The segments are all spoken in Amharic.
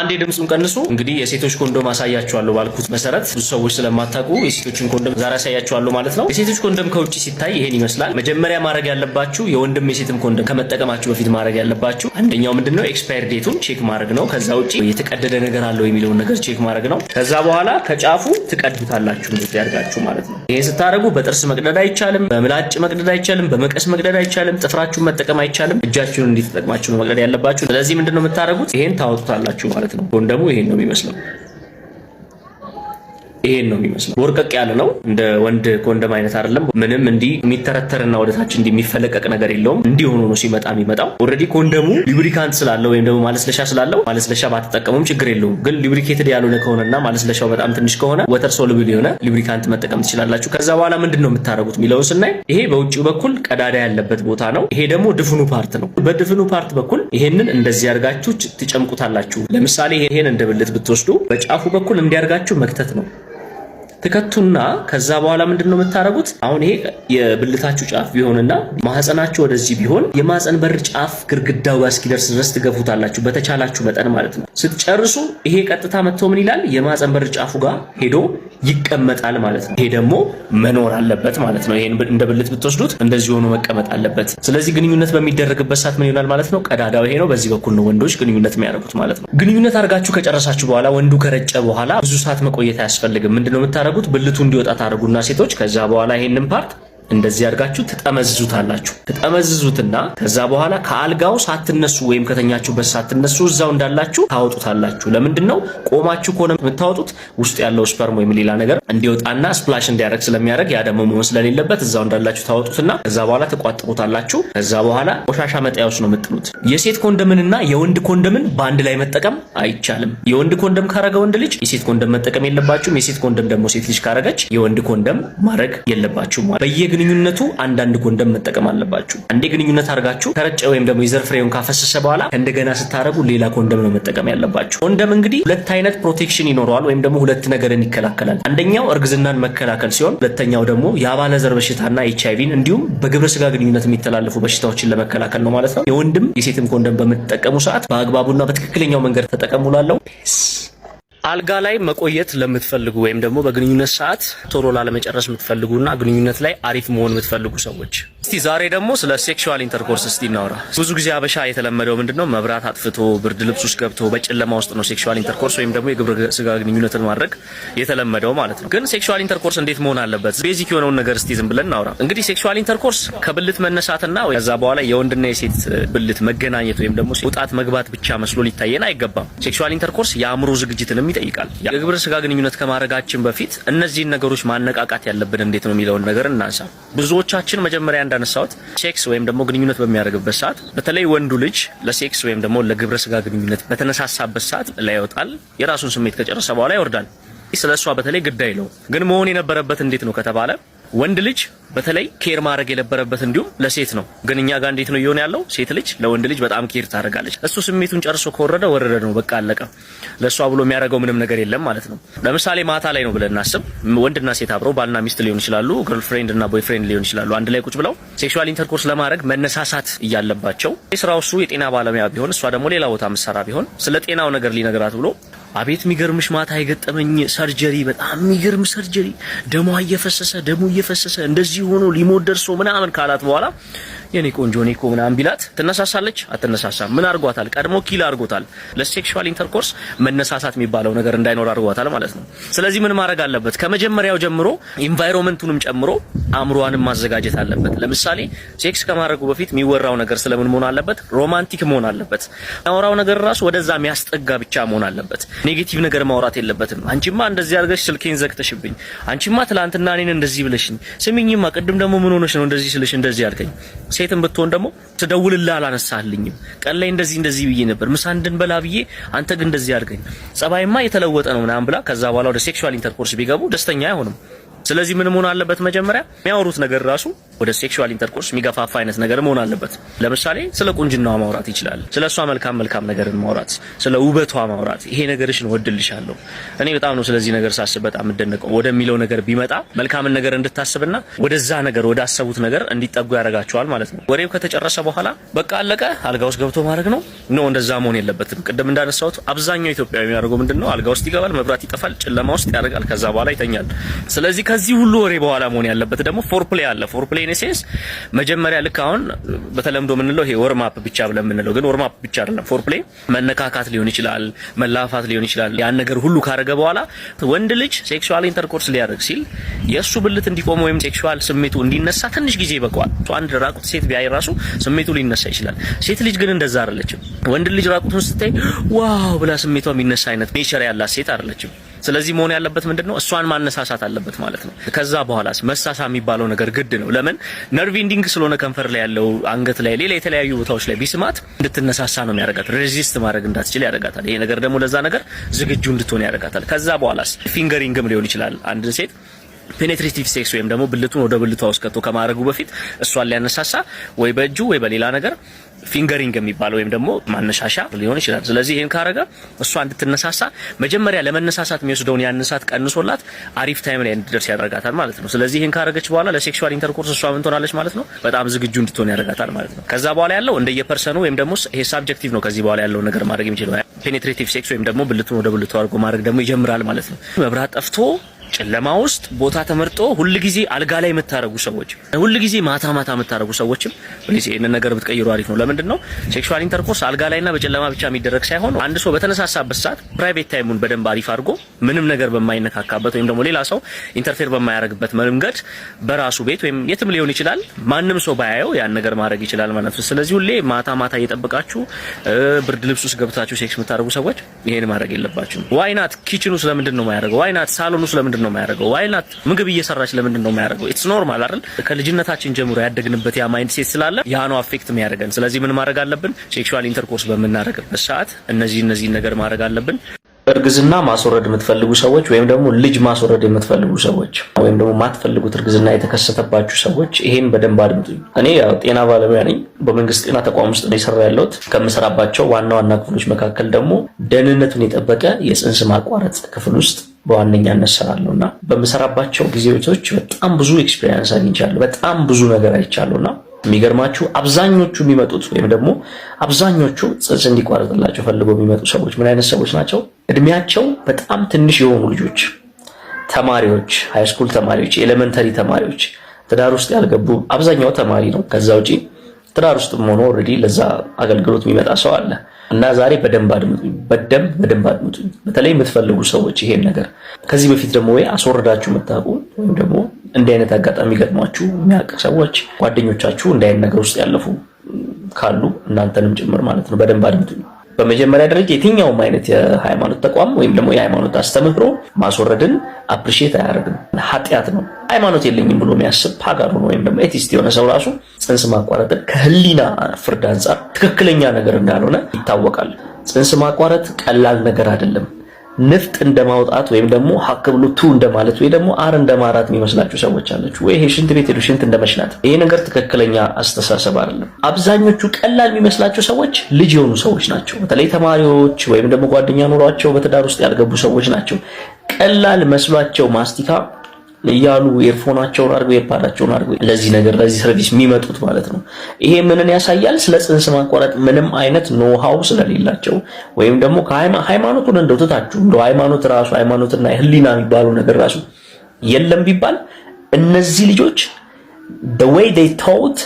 አንዴ ድምፁን ቀንሱ። እንግዲህ የሴቶች ኮንዶም አሳያችኋለሁ ባልኩት መሰረት ብዙ ሰዎች ስለማታውቁ የሴቶችን ኮንዶም ዛሬ አሳያችኋለሁ ማለት ነው። የሴቶች ኮንዶም ከውጭ ሲታይ ይሄን ይመስላል። መጀመሪያ ማድረግ ያለባችሁ የወንድም የሴትም ኮንዶም ከመጠቀማችሁ በፊት ማድረግ ያለባችሁ አንደኛው ምንድነው ኤክስፓየር ዴቱን ቼክ ማድረግ ነው። ከዛ ውጭ የተቀደደ ነገር አለው የሚለውን ነገር ቼክ ማድረግ ነው። ከዛ በኋላ ከጫፉ ትቀዱታላችሁ እንደዚህ ያርጋችሁ ማለት ነው። ይሄን ስታደርጉ በጥርስ መቅደድ አይቻልም፣ በምላጭ መቅደድ አይቻልም፣ በመቀስ መቅደድ አይቻልም፣ ጥፍራችሁን መጠቀም አይቻልም። እጃችሁን እንዲተጠቅማችሁ ነው መቅደድ ያለባችሁ። ስለዚህ ምንድነው የምታደርጉት? ይሄን ታወጡታላችሁ ማለት ነው። ማለት ነው። ኮንደሙ ይሄን ነው የሚመስለው። ይሄን ነው የሚመስለው። ወርቀቅ ያለ ነው። እንደ ወንድ ኮንደም አይነት አይደለም። ምንም እንዲህ የሚተረተርና ወደታች እንዲህ የሚፈለቀቅ ነገር የለውም። እንዲህ ሆኖ ነው ሲመጣ የሚመጣው። ኦልሬዲ ኮንደሙ ሊብሪካንት ስላለው ወይም ደግሞ ማለስለሻ ስላለው ማለስለሻ ባትጠቀሙም ችግር የለውም። ግን ሊብሪኬትድ ያልሆነ ከሆነና ማለስለሻው በጣም ትንሽ ከሆነ ወተር ሶሉብል የሆነ ሊብሪካንት መጠቀም ትችላላችሁ። ከዛ በኋላ ምንድን ነው የምታደርጉት የሚለውን ስናይ ይሄ በውጭ በኩል ቀዳዳ ያለበት ቦታ ነው። ይሄ ደግሞ ድፍኑ ፓርት ነው። በድፍኑ ፓርት በኩል ይሄንን እንደዚህ አድርጋችሁ ትጨምቁታላችሁ። ለምሳሌ ይሄን እንደ ብልት ብትወስዱ በጫፉ በኩል እንዲያርጋችሁ መክተት ነው። ትከቱና ከዛ በኋላ ምንድን ነው የምታደርጉት? አሁን ይሄ የብልታችሁ ጫፍ ቢሆንና ማህፀናችሁ ወደዚህ ቢሆን የማህፀን በር ጫፍ ግድግዳው ጋር እስኪደርስ ድረስ ትገፉታላችሁ፣ በተቻላችሁ መጠን ማለት ነው። ስትጨርሱ ይሄ ቀጥታ መጥቶ ምን ይላል? የማህፀን በር ጫፉ ጋር ሄዶ ይቀመጣል ማለት ነው። ይሄ ደግሞ መኖር አለበት ማለት ነው። ይሄን እንደ ብልት ብትወስዱት እንደዚህ ሆኖ መቀመጥ አለበት። ስለዚህ ግንኙነት በሚደረግበት ሰዓት ምን ይሆናል ማለት ነው? ቀዳዳው ይሄ ነው። በዚህ በኩል ነው ወንዶች ግንኙነት የሚያደርጉት ማለት ነው። ግንኙነት አድርጋችሁ ከጨረሳችሁ በኋላ ወንዱ ከረጨ በኋላ ብዙ ሰዓት መቆየት አያስፈልግም። ምንድነው የምታደርጉት? ብልቱ እንዲወጣ ታደርጉና ሴቶች ከዛ በኋላ ይሄንን ፓርት እንደዚህ አድርጋችሁ ትጠመዝዙታላችሁ። ትጠመዝዙትና ከዛ በኋላ ከአልጋው ሳትነሱ ወይም ከተኛችሁበት ሳትነሱ እዛው እንዳላችሁ ታወጡታላችሁ። ለምንድን ነው ቆማችሁ ከሆነ የምታወጡት ውስጥ ያለው ስፐርም ወይም ሌላ ነገር እንዲወጣና ስፕላሽ እንዲያደርግ ስለሚያደርግ ያ ደግሞ መሆን ስለሌለበት እዛው እንዳላችሁ ታወጡትና ከዛ በኋላ ትቋጥሩታላችሁ። ከዛ በኋላ ቆሻሻ መጣያ ውስጥ ነው የምጥሉት። የሴት ኮንደምንና የወንድ ኮንደምን በአንድ ላይ መጠቀም አይቻልም። የወንድ ኮንደም ካረገ ወንድ ልጅ የሴት ኮንደም መጠቀም የለባችሁም። የሴት ኮንደም ደግሞ ሴት ልጅ ካረገች የወንድ ኮንደም ማድረግ የለባችሁም። ግንኙነቱ አንዳንድ ኮንደም መጠቀም አለባችሁ። አንዴ ግንኙነት አድርጋችሁ ከረጨ ወይም ደግሞ የዘር ፍሬውን ካፈሰሰ በኋላ እንደገና ስታደርጉ ሌላ ኮንደም ነው መጠቀም ያለባችሁ። ኮንደም እንግዲህ ሁለት አይነት ፕሮቴክሽን ይኖረዋል ወይም ደግሞ ሁለት ነገርን ይከላከላል። አንደኛው እርግዝናን መከላከል ሲሆን፣ ሁለተኛው ደግሞ የአባለ ዘር በሽታና ኤች አይቪን እንዲሁም በግብረ ስጋ ግንኙነት የሚተላለፉ በሽታዎችን ለመከላከል ነው ማለት ነው። የወንድም የሴትም ኮንደም በምትጠቀሙ ሰዓት በአግባቡና በትክክለኛው መንገድ ተጠቀሙላለው። አልጋ ላይ መቆየት ለምትፈልጉ ወይም ደግሞ በግንኙነት ሰዓት ቶሎ ላለመጨረስ የምትፈልጉና ግንኙነት ላይ አሪፍ መሆን የምትፈልጉ ሰዎች እስቲ ዛሬ ደግሞ ስለ ሴክሹዋል ኢንተርኮርስ እስቲ እናውራ። ብዙ ጊዜ አበሻ የተለመደው ምንድነው መብራት አጥፍቶ ብርድ ልብስ ውስጥ ገብቶ በጨለማ ውስጥ ነው ሴክሹዋል ኢንተርኮርስ ወይም ደግሞ የግብረ ስጋ ግንኙነትን ማድረግ የተለመደው ማለት ነው። ግን ሴክሹዋል ኢንተርኮርስ እንዴት መሆን አለበት? ቤዚክ የሆነውን ነገር እስቲ ዝም ብለን እናውራ። እንግዲህ ሴክሹዋል ኢንተርኮርስ ከብልት መነሳትና ከዛ በኋላ የወንድና የሴት ብልት መገናኘት ወይም ደግሞ ውጣት መግባት ብቻ መስሎ ሊታየን አይገባም። ሴክሹዋል ኢንተርኮርስ የአእምሮ ዝግጅትንም ይጠይቃል። የግብረ ስጋ ግንኙነት ከማድረጋችን በፊት እነዚህን ነገሮች ማነቃቃት ያለብን እንዴት ነው የሚለውን ነገር እናንሳ። ብዙዎቻችን መጀመሪያ እንዳነሳሁት ሴክስ ወይም ደግሞ ግንኙነት በሚያደርግበት ሰዓት በተለይ ወንዱ ልጅ ለሴክስ ወይም ደግሞ ለግብረ ስጋ ግንኙነት በተነሳሳበት ሰዓት ላይ ይወጣል። የራሱን ስሜት ከጨረሰ በኋላ ይወርዳል። ስለ እሷ በተለይ ግድ አይለውም። ግን መሆን የነበረበት እንዴት ነው ከተባለ ወንድ ልጅ በተለይ ኬር ማድረግ የነበረበት እንዲሁም ለሴት ነው። ግን እኛ ጋር እንዴት ነው እየሆነ ያለው? ሴት ልጅ ለወንድ ልጅ በጣም ኬር ታደርጋለች። እሱ ስሜቱን ጨርሶ ከወረደ ወረደ ነው፣ በቃ አለቀ። ለእሷ ብሎ የሚያደርገው ምንም ነገር የለም ማለት ነው። ለምሳሌ ማታ ላይ ነው ብለን እናስብ። ወንድና ሴት አብረው ባልና ሚስት ሊሆን ይችላሉ፣ ግርልፍሬንድ እና ቦይፍሬንድ ሊሆን ይችላሉ። አንድ ላይ ቁጭ ብለው ሴክሹዋል ኢንተርኮርስ ለማድረግ መነሳሳት እያለባቸው ስራው እሱ የጤና ባለሙያ ቢሆን እሷ ደግሞ ሌላ ቦታ ምሰራ ቢሆን ስለ ጤናው ነገር ሊነግራት ብሎ አቤት የሚገርምሽ ማታ የገጠመኝ ሰርጀሪ፣ በጣም የሚገርም ሰርጀሪ፣ ደሟ እየፈሰሰ ደሙ እየፈሰሰ እንደዚህ ሆኖ ሊሞት ደርሶ ምናምን ካላት በኋላ የኔ ቆንጆ ኔ እኮ ምናምን ቢላት ትነሳሳለች? አትነሳሳም። ምን አድርጓታል? ቀድሞ ኪል አድርጎታል። ለሴክሹዋል ኢንተርኮርስ መነሳሳት የሚባለው ነገር እንዳይኖር አድርጓታል ማለት ነው። ስለዚህ ምን ማድረግ አለበት? ከመጀመሪያው ጀምሮ ኢንቫይሮንመንቱንም ጨምሮ አእምሯንም ማዘጋጀት አለበት። ለምሳሌ ሴክስ ከማድረጉ በፊት የሚወራው ነገር ስለምን መሆን አለበት? ሮማንቲክ መሆን አለበት። ያወራው ነገር ራሱ ወደዛ የሚያስጠጋ ብቻ መሆን አለበት። ኔጌቲቭ ነገር ማውራት የለበትም። አንቺማ እንደዚህ አድርገሽ ስልኬን ዘግተሽብኝ፣ አንቺማ ትላንትና እኔን እንደዚህ ብለሽኝ፣ ስሚኝማ ቅድም ደግሞ ምን ሆነሽ ነው እንደዚህ ስልሽ እንደዚህ አልከኝ ሴትም ብትሆን ደግሞ ትደውልልህ አላነሳልኝም። ቀን ላይ እንደዚህ እንደዚህ ብዬ ነበር ምሳ እንድንበላ ብዬ፣ አንተ ግን እንደዚህ አድርገኝ፣ ጸባይማ የተለወጠ ነው ምናምን ብላ ከዛ በኋላ ወደ ሴክሹዋል ኢንተርኮርስ ቢገቡ ደስተኛ አይሆንም። ስለዚህ ምን መሆን አለበት? መጀመሪያ የሚያወሩት ነገር ራሱ ወደ ሴክሹዋል ኢንተርኮርስ የሚገፋፋ አይነት ነገር መሆን አለበት። ለምሳሌ ስለ ቁንጅናዋ ማውራት ይችላል። ስለ እሷ መልካም መልካም ነገርን ማውራት፣ ስለ ውበቷ ማውራት፣ ይሄ ነገርሽን ወድልሻለሁ እኔ በጣም ነው ስለዚህ ነገር ሳስብ በጣም እደነቀው ወደሚለው ነገር ቢመጣ መልካምን ነገር እንድታስብና ወደዛ ነገር ወደ አሰቡት ነገር እንዲጠጉ ያደርጋቸዋል ማለት ነው። ወሬው ከተጨረሰ በኋላ በቃ አለቀ፣ አልጋ ውስጥ ገብቶ ማድረግ ነው። ኖ እንደዛ መሆን የለበትም። ቅድም እንዳነሳሁት አብዛኛው ኢትዮጵያዊ የሚያደርገው ምንድነው? አልጋ ውስጥ ይገባል፣ መብራት ይጠፋል፣ ጨለማ ውስጥ ያደርጋል፣ ከዛ በኋላ ይተኛል። ስለዚህ ከዚህ ሁሉ ወሬ በኋላ መሆን ያለበት ደግሞ ፎርፕሌይ አለ። ፎርፕሌይ ኢን ሴንስ መጀመሪያ ልክ አሁን በተለምዶ የምንለው ይሄ ወርም አፕ ብቻ ብለን የምንለው ግን ወርም አፕ ብቻ አይደለም። ፎርፕሌይ መነካካት ሊሆን ይችላል፣ መላፋት ሊሆን ይችላል። ያን ነገር ሁሉ ካረገ በኋላ ወንድ ልጅ ሴክሹዋል ኢንተርኮርስ ሊያደርግ ሲል የእሱ ብልት እንዲቆም ወይም ሴክሹዋል ስሜቱ እንዲነሳ ትንሽ ጊዜ ይበቃዋል። አንድ ራቁት ሴት ቢያይ ራሱ ስሜቱ ሊነሳ ይችላል። ሴት ልጅ ግን እንደዛ አይደለችም። ወንድ ልጅ ራቁቱን ስታይ ዋው ብላ ስሜቷ የሚነሳ አይነት ኔቸር ያላት ሴት አይደለችም። ስለዚህ መሆን ያለበት ምንድን ነው? እሷን ማነሳሳት አለበት ማለት ነው። ከዛ በኋላስ መሳሳ የሚባለው ነገር ግድ ነው። ለምን ነርቭ ኢንዲንግ ስለሆነ ከንፈር ላይ ያለው አንገት ላይ፣ ሌላ የተለያዩ ቦታዎች ላይ ቢስማት እንድትነሳሳ ነው ያደርጋት። ሬዚስት ማድረግ እንዳትችል ያደርጋታል። ይሄ ነገር ደግሞ ለዛ ነገር ዝግጁ እንድትሆን ያደርጋታል። ከዛ በኋላስ ፊንገሪንግም ሊሆን ይችላል አንድ ሴት ፔኔትሬቲቭ ሴክስ ወይም ደግሞ ብልቱን ወደ ብልቷ ውስጥ ከቶ ከማድረጉ በፊት እሷን ሊያነሳሳ ወይ በእጁ ወይ በሌላ ነገር ፊንገሪንግ የሚባለው ወይም ደግሞ ማነሳሻ ሊሆን ይችላል። ስለዚህ ይህን ካረገ እሷ እንድትነሳሳ መጀመሪያ ለመነሳሳት የሚወስደውን ያን ሰዓት ቀንሶላት አሪፍ ታይም ላይ እንድደርስ ያደርጋታል ማለት ነው። ስለዚህ ይህን ካረገች በኋላ ለሴክሹዋል ኢንተርኮርስ እሷ ምን ትሆናለች ማለት ነው? በጣም ዝግጁ እንድትሆን ያደርጋታል ማለት ነው። ከዛ በኋላ ያለው እንደየፐርሰኑ ወይም ደግሞ ይሄ ሳብጀክቲቭ ነው። ከዚህ በኋላ ያለው ነገር ማድረግ የሚችለው ፔኔትሬቲቭ ሴክስ ወይም ደግሞ ብልቱን ወደ ብልቱ አድርጎ ማድረግ ደግሞ ይጀምራል ማለት ነው። መብራት ጠፍቶ ጨለማ ውስጥ ቦታ ተመርጦ ጊዜ አልጋ ላይ የምታረጉ ሰዎች፣ ጊዜ ማታ ማታ የምታረጉ ሰዎችም ፕሊዝ ይሄንን ነገር ብትቀይሩ አሪፍ ነው። ለምንድን ነው ሴክሹዋል ኢንተርኮርስ አልጋ ላይና በጨለማ ብቻ የሚደረግ ሳይሆን አንድ ሰው በተነሳሳበት ሰዓት ፕራይቬት ታይሙን በደንብ አሪፍ አድርጎ ምንም ነገር በማይነካካበት ወይም ደግሞ ሌላ ሰው ኢንተርፌር በማያደርግበት መንገድ በራሱ ቤት ወይም የትም ሊሆን ይችላል፣ ማንም ሰው ባያየው ያን ነገር ማድረግ ይችላል ማለት ነው። ስለዚህ ሁሌ ማታ ማታ እየጠበቃችሁ ብርድ ልብስ ውስጥ ገብታችሁ ሴክስ የምታደርጉ ሰዎች ይሄን ማድረግ የለባችሁ። ዋይናት ኪችኑ ስለምንድን ነው የማያደርገው? ዋይናት ሳሎኑ ስለምንድን ለምንድን ነው የማያደርገው? ዋይ ናት ምግብ እየሰራች ለምንድን ነው የማያደርገው? ኢትስ ኖርማል አይደል? ከልጅነታችን ጀምሮ ያደግንበት ያ ማይንድ ሴት ስላለ ያ ነው አፌክት የሚያደርገን። ስለዚህ ምን ማድረግ አለብን? ሴክሹዋል ኢንተርኮርስ በምናደርግበት ሰዓት እነዚህ እነዚህ ነገር ማድረግ አለብን። እርግዝና ማስወረድ የምትፈልጉ ሰዎች ወይም ደግሞ ልጅ ማስወረድ የምትፈልጉ ሰዎች ወይም ደግሞ የማትፈልጉት እርግዝና የተከሰተባችሁ ሰዎች ይሄን በደንብ አድምጡ። እኔ ያው ጤና ባለሙያ ነኝ። በመንግስት ጤና ተቋም ውስጥ ነው የሰራ ያለሁት። ከምሰራባቸው ዋና ዋና ክፍሎች መካከል ደግሞ ደህንነቱን የጠበቀ የፅንስ ማቋረጥ ክፍል ውስጥ በዋነኛነት እሰራለሁ እና በምሰራባቸው ጊዜዎች በጣም ብዙ ኤክስፔሪንስ አግኝቻለሁ። በጣም ብዙ ነገር አይቻለሁ እና የሚገርማችሁ አብዛኞቹ የሚመጡት ወይም ደግሞ አብዛኞቹ ጽንስ እንዲቋረጥላቸው ፈልገው የሚመጡ ሰዎች ምን አይነት ሰዎች ናቸው? እድሜያቸው በጣም ትንሽ የሆኑ ልጆች፣ ተማሪዎች፣ ሃይስኩል ተማሪዎች፣ ኤሌመንተሪ ተማሪዎች፣ ትዳር ውስጥ ያልገቡ አብዛኛው ተማሪ ነው። ከዛ ውጪ ትዳር ውስጥ ሆኖ ኦልሬዲ ለዛ አገልግሎት የሚመጣ ሰው አለ እና ዛሬ በደንብ አድምጡኝ፣ በደንብ በደንብ አድምጡኝ። በተለይ የምትፈልጉ ሰዎች ይሄን ነገር ከዚህ በፊት ደግሞ ወይ አስወርዳችሁ የምታውቁ ወይም ደግሞ እንዲህ አይነት አጋጣሚ ገጥሟችሁ የሚያውቅ ሰዎች ጓደኞቻችሁ እንዲህ አይነት ነገር ውስጥ ያለፉ ካሉ እናንተንም ጭምር ማለት ነው በደንብ አድምጡኝ። በመጀመሪያ ደረጃ የትኛውም አይነት የሃይማኖት ተቋም ወይም ደግሞ የሃይማኖት አስተምህሮ ማስወረድን አፕሪሼት አያደርግም። ኃጢአት ነው። ሃይማኖት የለኝም ብሎ የሚያስብ ፓጋኑ ወይም ደግሞ ኤቲስት የሆነ ሰው ራሱ ጽንስ ማቋረጥን ከህሊና ፍርድ አንጻር ትክክለኛ ነገር እንዳልሆነ ይታወቃል። ጽንስ ማቋረጥ ቀላል ነገር አይደለም። ንፍጥ እንደማውጣት ወይም ደግሞ ሀክ ብሎ ቱ እንደማለት ወይ ደግሞ አር እንደማራት የሚመስላችሁ ሰዎች አለችሁ ወይ? ይሄ ሽንት ቤት ሄዱ ሽንት እንደመሽናት። ይሄ ነገር ትክክለኛ አስተሳሰብ አይደለም። አብዛኞቹ ቀላል የሚመስላቸው ሰዎች ልጅ የሆኑ ሰዎች ናቸው። በተለይ ተማሪዎች ወይም ደግሞ ጓደኛ ኑሯቸው በትዳር ውስጥ ያልገቡ ሰዎች ናቸው። ቀላል መስሏቸው ማስቲካ እያሉ ኤርፎናቸውን አድርገው ኤርፓዳቸውን አድርገው ለዚህ ነገር ለዚህ ሰርቪስ የሚመጡት ማለት ነው። ይሄ ምንን ያሳያል? ስለ ጽንስ ማቋረጥ ምንም አይነት ኖውሃው ስለሌላቸው ወይም ደግሞ ሃይማኖቱን እንደው ትታችሁ እንደው ሃይማኖት ራሱ ሃይማኖትና ህሊና የሚባለው ነገር ራሱ የለም ቢባል እነዚህ ልጆች ዌይ ዴይ ታውት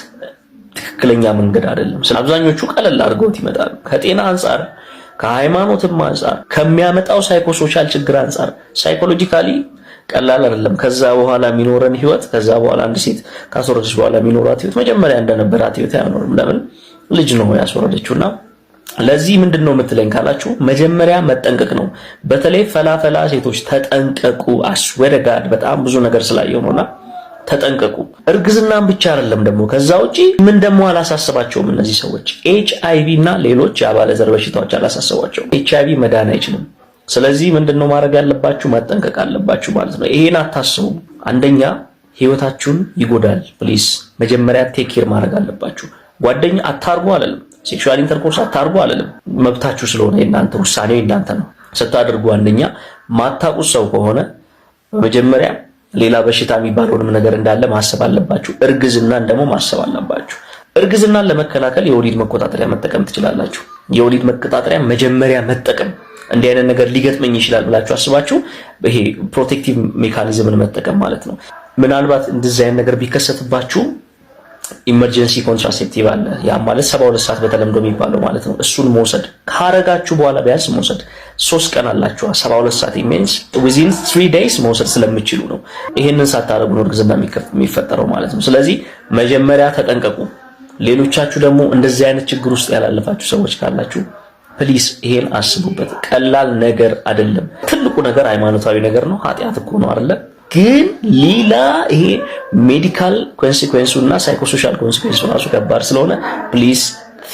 ትክክለኛ መንገድ አይደለም። አብዛኞቹ ቀለል አድርገውት ይመጣሉ ከጤና አንጻር ከሃይማኖትም አንጻር ከሚያመጣው ሳይኮሶሻል ችግር አንጻር ሳይኮሎጂካሊ ቀላል አይደለም። ከዛ በኋላ የሚኖረን ህይወት ከዛ በኋላ አንድ ሴት ካስወረደች በኋላ የሚኖራት ህይወት መጀመሪያ እንደነበራት ህይወት አይኖርም። ለምን ልጅ ነው ያስወረደችውና ለዚህ ምንድን ነው የምትለኝ ካላችሁ መጀመሪያ መጠንቀቅ ነው። በተለይ ፈላፈላ ሴቶች ተጠንቀቁ። አስወደጋድ በጣም ብዙ ነገር ስላየው ነውና ተጠንቀቁ። እርግዝናን ብቻ አይደለም ደግሞ ከዛ ውጪ ምን ደግሞ አላሳስባቸውም። እነዚህ ሰዎች ኤች አይቪ እና ሌሎች የአባለዘር በሽታዎች አላሳስቧቸውም። ኤች አይቪ መዳን አይችልም። ስለዚህ ምንድነው ማድረግ ያለባችሁ? መጠንቀቅ አለባችሁ ማለት ነው። ይሄን አታስቡ። አንደኛ ህይወታችሁን ይጎዳል። ፕሊስ መጀመሪያ ቴክር ማድረግ አለባችሁ። ጓደኛ አታርጉ አለልም፣ ሴክሹዋል ኢንተርኮርስ አታርጉ አለልም። መብታችሁ ስለሆነ የእናንተ ውሳኔው የእናንተ ነው። ስታደርጉ አንደኛ ማታቁ ሰው ከሆነ በመጀመሪያ ሌላ በሽታ የሚባለውንም ነገር እንዳለ ማሰብ አለባችሁ። እርግዝናን ደግሞ ማሰብ አለባችሁ። እርግዝናን ለመከላከል የወሊድ መቆጣጠሪያ መጠቀም ትችላላችሁ። የወሊድ መቆጣጠሪያ መጀመሪያ መጠቀም እንዲህ አይነት ነገር ሊገጥመኝ ይችላል ብላችሁ አስባችሁ ይሄ ፕሮቴክቲቭ ሜካኒዝምን መጠቀም ማለት ነው። ምናልባት እንደዚህ አይነት ነገር ቢከሰትባችሁ ኢመርጀንሲ ኮንትራሴፕቲቭ አለ። ያ ማለት ሰባ ሁለት ሰዓት በተለምዶ የሚባለው ማለት ነው። እሱን መውሰድ ካረጋችሁ በኋላ ቢያንስ መውሰድ ሶስት ቀን አላችሁ። ሰባ ሁለት ሰዓት ኢሜንስ ዊዚን ትሪ ዴይስ መውሰድ ስለምችሉ ነው። ይህንን ሳታደረጉ ነው እርግዝና የሚፈጠረው ማለት ነው። ስለዚህ መጀመሪያ ተጠንቀቁ። ሌሎቻችሁ ደግሞ እንደዚህ አይነት ችግር ውስጥ ያላለፋችሁ ሰዎች ካላችሁ ፕሊስ ይሄን አስቡበት። ቀላል ነገር አይደለም። ትልቁ ነገር ሃይማኖታዊ ነገር ነው። ኃጢአት እኮ ነው አይደለ? ግን ሌላ ይሄ ሜዲካል ኮንሲኩዌንሱ እና ሳይኮሶሻል ኮንሲኩዌንሱ ራሱ ከባድ ስለሆነ ፕሊስ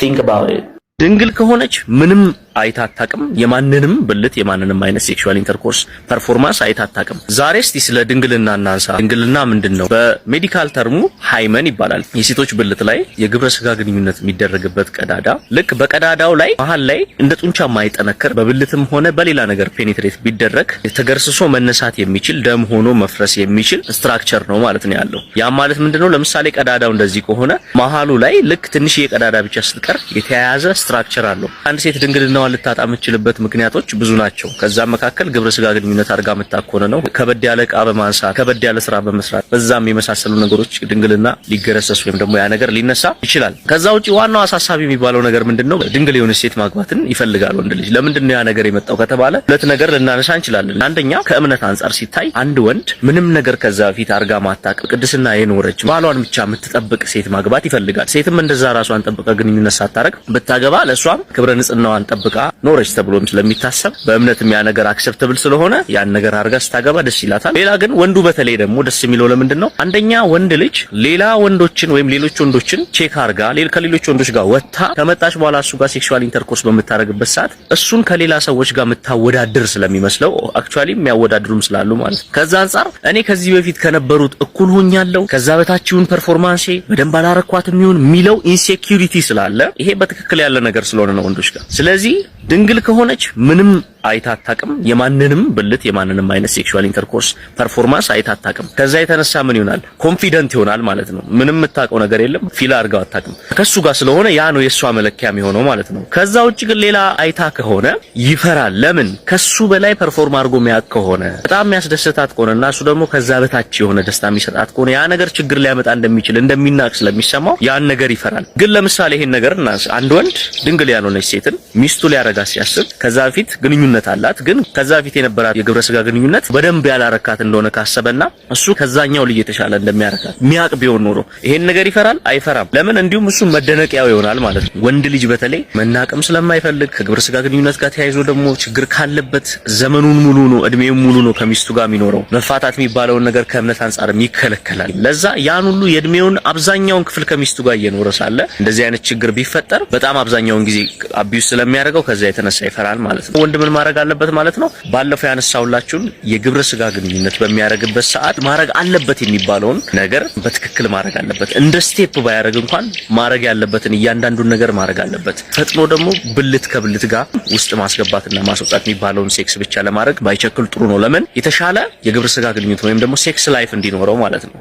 ቲንክ አባውት ኢት። ድንግል ከሆነች ምንም አይታታቅም። የማንንም ብልት የማንንም አይነት ሴክሹዋል ኢንተርኮርስ ፐርፎርማንስ አይታታቅም። ዛሬ እስቲ ስለ ድንግልና እናንሳ። ድንግልና ምንድን ነው? በሜዲካል ተርሙ ሃይመን ይባላል። የሴቶች ብልት ላይ የግብረ ስጋ ግንኙነት የሚደረግበት ቀዳዳ፣ ልክ በቀዳዳው ላይ መሀል ላይ እንደ ጡንቻ ማይጠነከር በብልትም ሆነ በሌላ ነገር ፔኔትሬት ቢደረግ ተገርስሶ መነሳት የሚችል ደም ሆኖ መፍረስ የሚችል ስትራክቸር ነው ማለት ነው ያለው። ያ ማለት ምንድነው? ለምሳሌ ቀዳዳው እንደዚህ ከሆነ መሀሉ ላይ ልክ ትንሽ ቀዳዳ ብቻ ስትቀር የተያያዘ ስትራክቸር አለው። አንድ ሴት ድንግልና ጤናዋን ልታጣ የምችልበት ምክንያቶች ብዙ ናቸው። ከዛም መካከል ግብረ ስጋ ግንኙነት አድርጋ የምታኮነ ነው፣ ከበድ ያለ እቃ በማንሳት ከበድ ያለ ስራ በመስራት በዛም የመሳሰሉ ነገሮች ድንግልና ሊገረሰስ ወይም ደግሞ ያ ነገር ሊነሳ ይችላል። ከዛ ውጪ ዋናው አሳሳቢ የሚባለው ነገር ምንድነው? ድንግል የሆነ ሴት ማግባትን ይፈልጋል ወንድ ልጅ። ለምንድነው ያ ነገር የመጣው ከተባለ ሁለት ነገር ልናነሳ እንችላለን። አንደኛ ከእምነት አንጻር ሲታይ አንድ ወንድ ምንም ነገር ከዛ በፊት አድርጋ ማታቅ ቅድስና የኖረች ባሏን ብቻ የምትጠብቅ ሴት ማግባት ይፈልጋል። ሴትም እንደዛ ራሷን ጠብቀ ግንኙነት ሳታረግ ብታገባ ለእሷም ክብረ ንጽህናዋን ጠብቀ ጠብቃ ኖረች ተብሎም ስለሚታሰብ በእምነትም ያ ነገር አክሰፕተብል ስለሆነ ያን ነገር አድርጋ ስታገባ ደስ ይላታል። ሌላ ግን ወንዱ በተለይ ደግሞ ደስ የሚለው ለምንድን ነው? አንደኛ ወንድ ልጅ ሌላ ወንዶችን ወይም ሌሎች ወንዶችን ቼክ አድርጋ ከሌሎች ወንዶች ጋር ወጥታ ከመጣች በኋላ እሱ ጋር ሴክሹዋል ኢንተርኮርስ በምታደርግበት ሰዓት እሱን ከሌላ ሰዎች ጋር የምታወዳድር ስለሚመስለው አክቹዋሊ የሚያወዳድሩም ስላሉ ማለት ነው። ከዛ አንጻር እኔ ከዚህ በፊት ከነበሩት እኩል ሆኛለሁ፣ ከዛ በታችሁን ፐርፎርማንሴ በደንብ አላረኳት የሚሆን የሚለው ኢንሴኪሪቲ ስላለ ይሄ በትክክል ያለ ነገር ስለሆነ ነው ወንዶች ጋር ስለዚህ ድንግል ከሆነች ምንም አይታታቅም። የማንንም ብልት የማንንም አይነት ሴክሹዋል ኢንተርኮርስ ፐርፎርማንስ አይታታቅም። ከዛ የተነሳ ምን ይሆናል? ኮንፊደንት ይሆናል ማለት ነው። ምንም የምታውቀው ነገር የለም። ፊል አድርገው አታቅም። ከሱ ጋር ስለሆነ ያ ነው የእሷ መለኪያ የሚሆነው ማለት ነው። ከዛ ውጭ ግን ሌላ አይታ ከሆነ ይፈራል። ለምን? ከሱ በላይ ፐርፎርም አድርጎ የሚያውቅ ከሆነ በጣም የሚያስደስታት ከሆነ እና እሱ ደግሞ ከዛ በታች የሆነ ደስታ የሚሰጣት ከሆነ ያ ነገር ችግር ሊያመጣ እንደሚችል እንደሚናቅ ስለሚሰማው ያን ነገር ይፈራል። ግን ለምሳሌ ይሄን ነገር እናንስ። አንድ ወንድ ድንግል ያልሆነች ሴትን ሚስቱ ሊያረጋ ሲያስብ ከዛ በፊት ግንኙነት አላት። ግን ከዛ በፊት የነበራት የግብረ ስጋ ግንኙነት በደንብ ያላረካት እንደሆነ ካሰበና እሱ ከዛኛው ልጅ የተሻለ እንደሚያረካት ሚያቅ ቢሆን ኖሮ ይሄን ነገር ይፈራል አይፈራም? ለምን እንዲሁም እሱ መደነቂያው ይሆናል ማለት ነው። ወንድ ልጅ በተለይ መናቅም ስለማይፈልግ ከግብረ ስጋ ግንኙነት ጋር ተያይዞ ደግሞ ችግር ካለበት ዘመኑን ሙሉ ነው እድሜውን ሙሉ ነው ከሚስቱ ጋር የሚኖረው። መፋታት የሚባለውን ነገር ከእምነት አንጻርም ይከለከላል። ለዛ ያን ሁሉ የእድሜውን አብዛኛውን ክፍል ከሚስቱ ጋር እየኖረ ሳለ እንደዚህ አይነት ችግር ቢፈጠር በጣም አብዛኛውን ጊዜ አቢዩስ ስለሚያደርገው የሚያደርገው ከዛ የተነሳ ይፈራል ማለት ነው። ወንድ ምን ማድረግ አለበት ማለት ነው? ባለፈው ያነሳሁላችሁን የግብረ ስጋ ግንኙነት በሚያደርግበት ሰዓት ማድረግ አለበት የሚባለውን ነገር በትክክል ማድረግ አለበት። እንደ ስቴፕ ባያደርግ እንኳን ማድረግ ያለበትን እያንዳንዱን ነገር ማድረግ አለበት። ፈጥኖ ደግሞ ብልት ከብልት ጋር ውስጥ ማስገባትና ማስወጣት የሚባለውን ሴክስ ብቻ ለማድረግ ባይቸክል ጥሩ ነው። ለምን የተሻለ የግብረ ስጋ ግንኙነት ወይም ደግሞ ሴክስ ላይፍ እንዲኖረው ማለት ነው።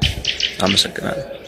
አመሰግናለሁ።